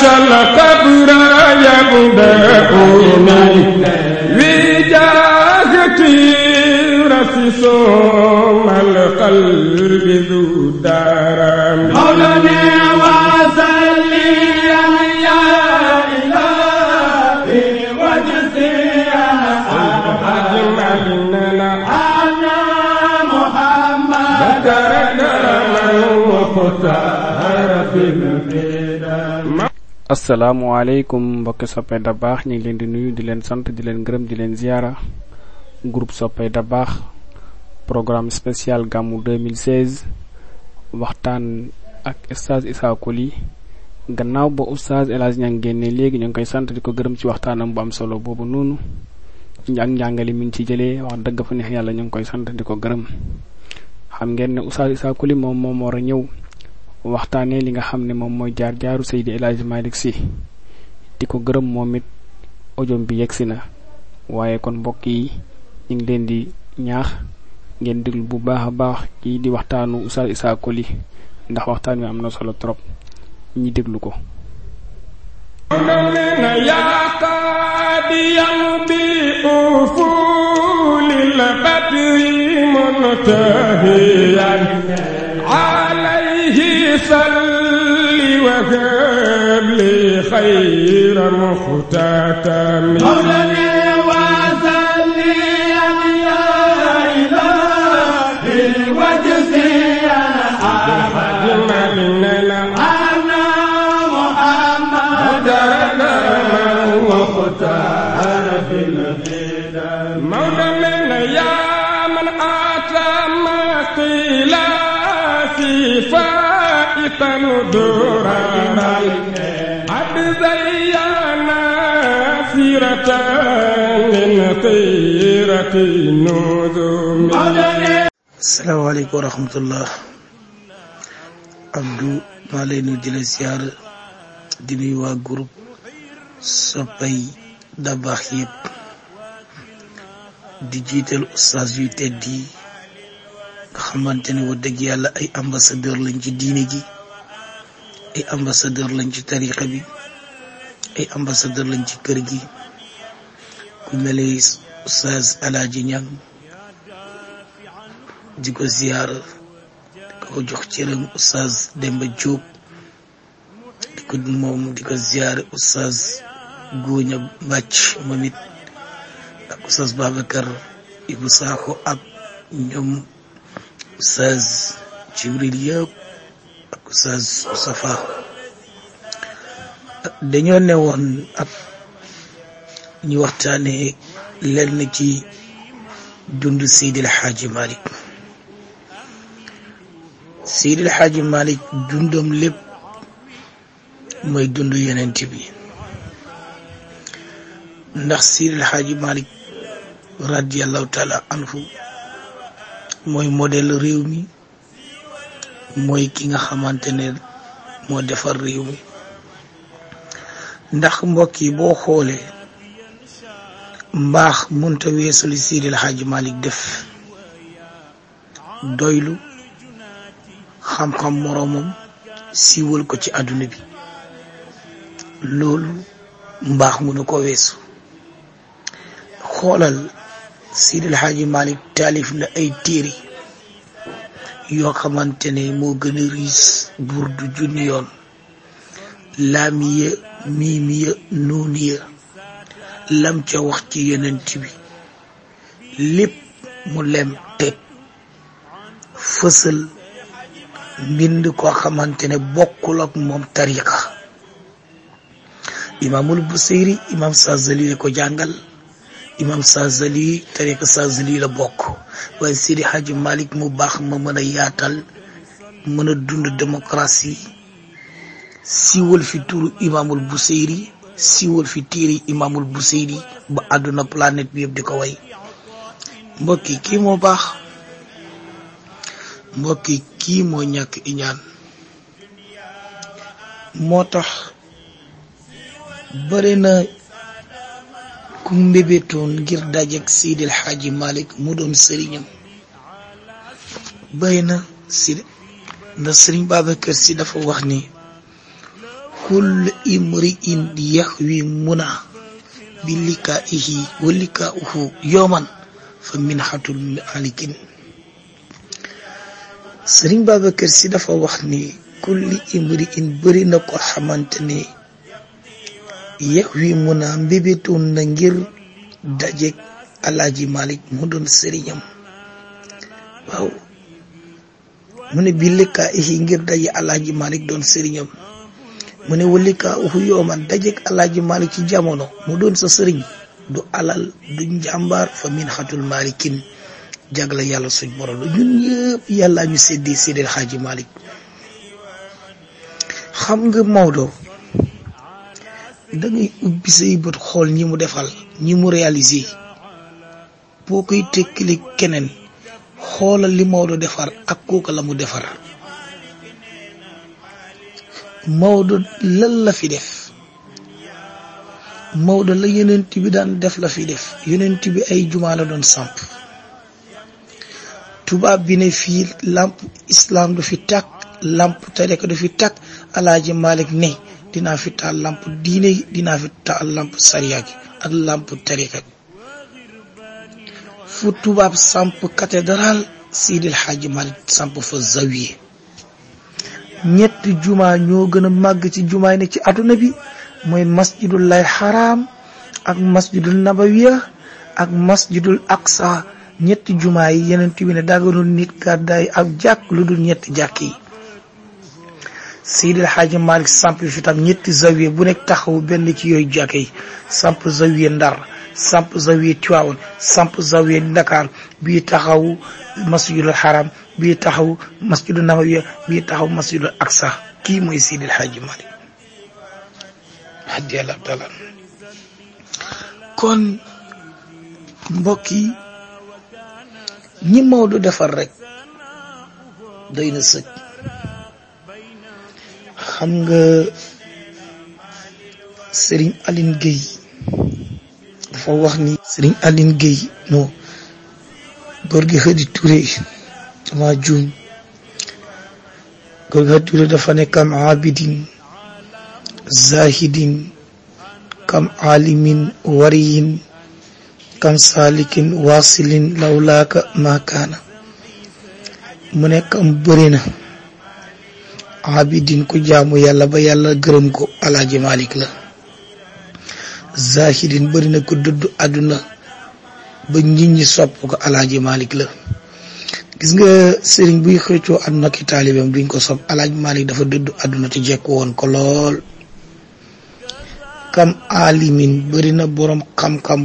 شل قبر يبدأ من وجاهتي رسي صوم القلب ذو دار مولانا محمد ذكرنا من وقتها في البيت asalaamaaleykum mbokki soppe da baax ñu ngi leen di nuyu di leen sant di leen gërëm di leen ziyaara group soppe da baax programme spécial gàmmu 2016 waxtaan ak oustaz Issa li gannaaw ba oustaz El Hadji Niang léegi ñu ngi koy sant di ko gërëm ci waxtaanam bu am solo boobu noonu ak njàngale mi ngi ci jëlee wax dëgg fa neex yàlla ñu ngi koy sant di ko gërëm xam ngeen ne oustaz Issa Coly moom moom war a ñëw waxtaanee li nga xam ne moom mooy jaar jaaru Seydi El Hadji Malick Sy di ko gërëm moom it ojom bi yegsi na waaye kon mbokk yi ñu ngi leen di ñaax ngeen déglu bu baax a baax kii di waxtaanu Oustaz Issa Coly ndax waxtaan wi am na solo trop ñi déglu ko صل وهب لي خير مختتم مولانا وصلي يا إلهي يقبل دورنا قد بينا سيرة من خيرة نذوم السلام عليكم ورحمة الله Abdou maa leen nu di la ziar di nuyu waa groupe soppay dabaax yëpp di jiital ustaas yu tedd yi nga xamante ne wax dëgg yàlla ay ambassadeur lañ ci diine ji ay ambassadeur lañ ci tariqa bi ay ambassadeur lañ ci kër gi ku mel ni Oustaz Alaaji di ko ziyaar di ko jox cëram Oustaz Demba Diop di ko moom di ko ziyaar Oustaz Góoña Bàcc moom it ak Oustaz Babacar Ibu Saaxo ak ñoom Oustaz Jibril yëpp Oustaz Moustapha dañoo ne woon ak ñu waxtaane lenn ci dund Seydil Hadji Malick Seydil Hadji Malick dundam lépp mooy dund yenent bi ndax Seydil Hadji Malick radiallahu taala anhu mooy modèle réew mooy ki nga xamante ne moo defar réew ndax mbokk yi boo xoolee mbaax munta weesu li Seydil Hadji Malick def doylu xam-xam moroomam siiwal ko ci àdduna bi loolu mbaax munu ko weesu xoolal Seydil Hadji Malick taalif na ay téere yoo xamante ne moo gën a riis burdu junni yoon laamiya miimiya nuuniya lam ca wax ci yeneen bi lépp mu lem teg fësal mbind ko xamante ne bokkul ak moom tariqa imaamul buseyri imaam sazali ko jàngal imam Sazali tariqa Sazali la bokk waaye Seydi Hadji Malick mu baax ma mën a yaatal mën a dund démocratie siiwal fi turu imaamul Buseyri siiwal fi téere imaamul Buseyri ba àdduna planet bi yëpp di ko way mbokki kii moo baax mbokki kii moo ñàkk iñaan moo tax bëri na ku mbébétoon ngir dajeeg Seydil Xaaji Malick mu doon sëriñam bay na si ndax sëriñ Babacar si dafa wax ni kull imri in yaxwi muna bi likaa ihi wa likaa uhu yooman fa minxatul alikin sëriñ Babacar si dafa wax ni kulli imri in bëri ko xamante yex wi mun a mbébétoon na ngir dajeeg alaaji malik mu doon sëriñam waaw mu ne bi likkaa ngir daje alaaji malik doon sëriñam mu ne wa likkaa uxu yooman dajeeg alaaji malik ci jamono mu doon sa sëriñ du alal du njàmbaar fa min xatul malikin jagle yàlla suñ borom la ñun yëpp yàllaa ñu séddee séddee xaaji malik xam nga Maodo da ubbi say bët xool ñi mu defal ñi mu réalisé boo koy tekkili keneen xoolal li Maodo defar ak kooka la mu defar Maodo lan la fi def Maodo la yonent bi daan def la fi def yonent bi ay jumaa la doon samp tubaab bi ne fii làmp islam du fi tàkk làmp tarika du fi tàkk alaaji Malik ne dinaa fi taal làmp diine gi dinaa fi taal làmp sariya gi ak làmp tarika gi fu tubaab samp cathédrale Seydil Hadji Malick samp fa zawiye ñetti jumaa ñoo gën a màgg ci jumaay ne ci àdduna bi mooy masjidullahi haram ak masjidul nabawiya ak masjidul aqsa ñetti jumaa yi yeneen bi ne daganul nit gàddaay ak jàkk lu dul ñetti jàkk yi Seydil Hadji Malick samp fi tam ñetti zawiya bu nekk taxaw benn ci yooyu jàkka yi samp zawiya Ndar samp zawiya Tiwaawan samp zawiya Ndakaar bii taxaw masjidul Haram bii taxaw masjidul Nawawi bii taxaw masjidul Aqsa kii mooy Seydil Hadji Malick kon mbokk yi ñi Maodo defar rek doy na sëkk xam nga Serigne Aline Gueye dafa wax ni Serigne Aline Gueye non góor gi Xadi Touré dama juum góor gi Xadi Touré dafa ne kam abidin zahidin kam alimin wariyin kam salikin wasilin lawlaaka makaana mu nekk am bëri na abidin ku jaamu yàlla ba yàlla gërëm ko alaaji malik la zahidin bëri na ko dëddu àdduna ba nit ñi sopp ko alaaji malik la nga sëriñ buy xëccoo àdduna ki taalibeem duñ ko sopp alaaji malik dafa dëddu àdduna te jekk woon ko lool kam alimin bëri na boroom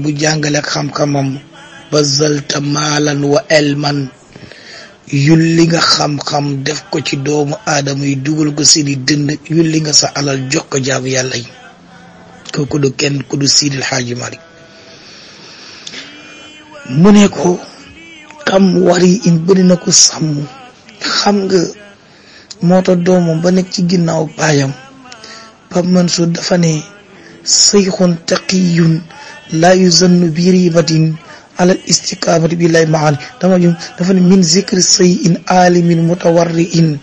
bu jàngale ak ba zalta maalan wa elman yulli nga xam-xam def ko ci doomu aadama yi dugal ko seeni dënd yulli nga sa alal jox ko jaamu yàlla yi kooku du kenn ku du siidil xaaji malik mu ne ko xam war yi in bëri na ko sàmm xam nga moo tax doomam ba nekk ci ginnaaw baayam Pape Mansour dafa ne sayxun taqiyun laa yuzannu bi ribatin alal istiqaamati billahi maan dama jum dafa ne min zikri sëy in aalimin mutawarri in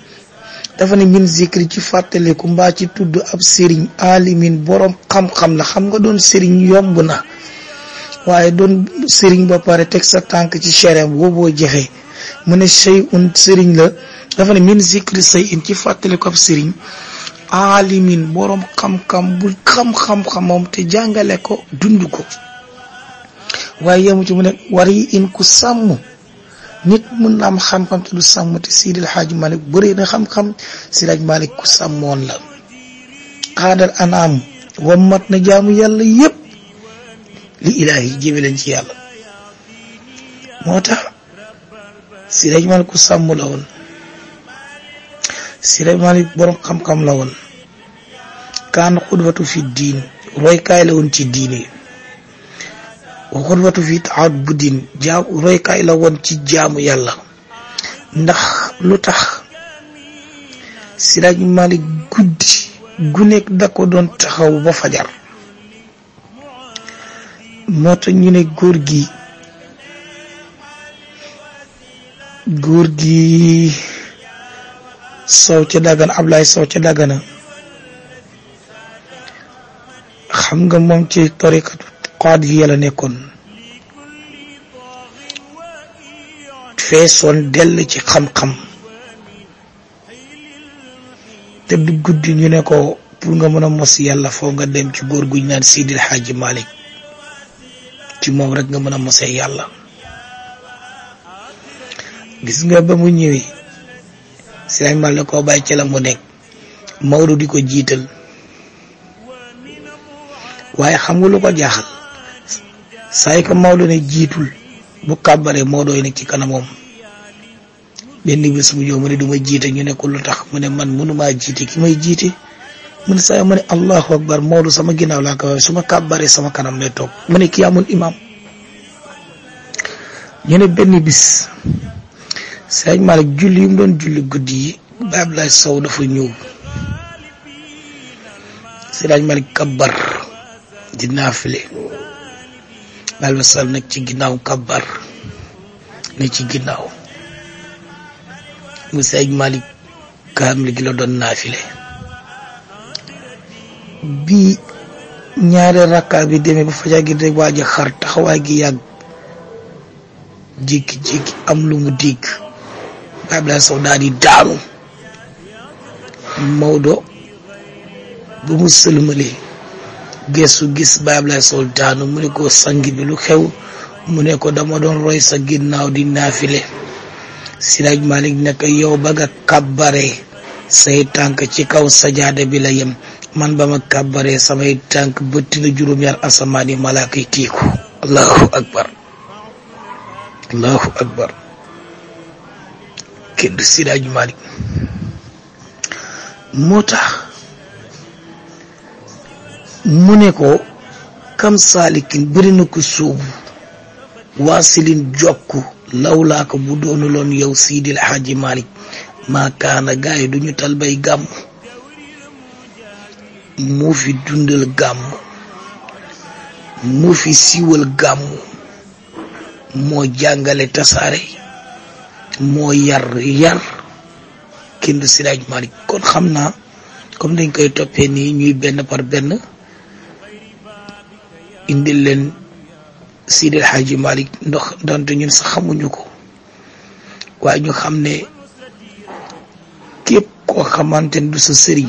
dafa ne min zikri ci fàttaliku mbaa ci tudd ab sëriñ aalimin borom xam-xam la xam nga doon sëriñ yomb na waaye doon sëriñ ba pare teg sa tànk ci chéré booboo jexe mu ne sëy sëriñ la dafa ne min zikri sëy ci fàttaliku ab sëriñ aalimin boroom xam-xam bu te jàngale ko dund ko waaye yemu ci mu ne war yi in ku sàmm nit mën na am xam-xam te du sàmm te Sidil Hadj Malick bëri na xam-xam Sidil Hadj Malick ku sàmmoon la aadal anaam na jaamu yàlla yépp li ilaahi moo tax Sidil Hadj Malick ku sàmm la woon Sidil Hadj Malick borom xam-xam la woon kaan xudbatu fi diin roykaay la woon ci diine wa xurwatu fi taat buddin jaam roykaay la woon ci jaamu yàlla ndax lu tax Siraaj Malik guddi gu nekk da ko doon taxaw ba fajar moo tax ñu ne góor gi góor gi sow ca dagana Ablaay soow ca daggana xam nga moom ci tariqa xaad yi yàlla nekkoon feesoon dell ci xam-xam te du guddi ñu nekkoo ko pour nga mën a mos yàlla foo nga dem ci góor guñ naan Seydil Hadji Malick ci moom rek nga mën a mosee yàlla gis nga ba mu ñëwee Sëriñ Mal ne koo bàyyi ci la nekk Maodo di ko jiital waaye xam nga lu ko jaaxal saay ko Maodo ne jiitul bu kàbbaree moo dooy nekk ci kanamoom benn bés bu ñëw mu ne du ma jiite ñu ne ko lu tax mu ne man mënumaa jiite ki may jiit mu ne saa ma ne allahu akbar Maodo sama ginaaw laa ko waxee sama kanam lay toog mu ne kii amul imaam ñu ne benn bis sëñ Malick julli yu mu doon julli guddi yi ba Abdoulaye Sow dafa ñëw sëñ Malick kabbar di naafile daal sal nag ci ginnaaw kabar ne ci ginnaaw mu Seydi malik kaamil gi la doon naafile bi ñaare rakka bi demee ba fajar gi rek waa ji xar taxawaay gi yàgg jékki-jékki am lu mu dégg baab laa saw daal di daanu Maodo ba mu sëlmalee geesu gis baay Ablaay Sultaanu mu ne ko sang bi lu xew mu ne ko dama doon roy sa ginnaaw di naafile Siraaj Malik ne ko yow ba nga kàbbaree say tànk ci kaw sajaada bi la yem man ba ma kàbbaree samay tànk bëtti na juróom-ñaar asamaan yi malaaka yi tiiku allahu akbar kenn Siraaj Malik moo tax mu ne ko kam saalikin bëri ko suubu waasilin jokku lawlaa ko bu doonuloon yow siidil xaaji malik maakaana gaay duñu tal bay gàmm moo fi dundal gàmm moo fi siiwal gàmm moo jàngale tasaare moo yar yar kenn du siraaj malik kon xam naa comme dañ koy toppee nii ñuy benn par benn indil leen Sidil Hadji Malick ndox donte ñun sax xamuñu ko waaye ñu xam ne képp koo xamante ne du sa sëriñ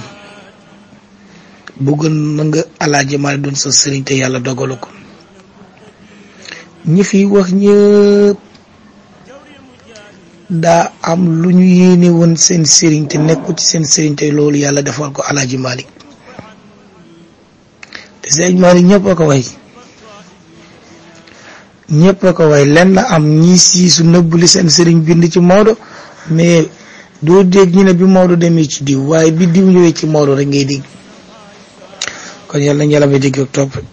bëggoon na nga Alaaji doon sa sëriñ te yàlla dogalu ko ñi fi wax ñëpp daa am lu ñu yéene woon seen sëriñ te nekku seen sëriñ te loolu yàlla defal ko Alaaji Malick te sëriñ Malick ñëpp a way ñëpp a ko way lenn am ñii siisu nëbb li seen sëriñ bind ci Maodo mais doo dégg ñu bi Maodo demee ci diw waaye bi diw ñëwee ci Maodo rek ngay dégg kon yàlla nañu yàlla ba dégg ak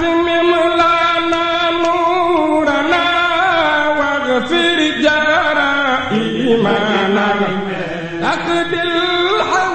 وأتمم لنا نورنا واغفر جرائمنا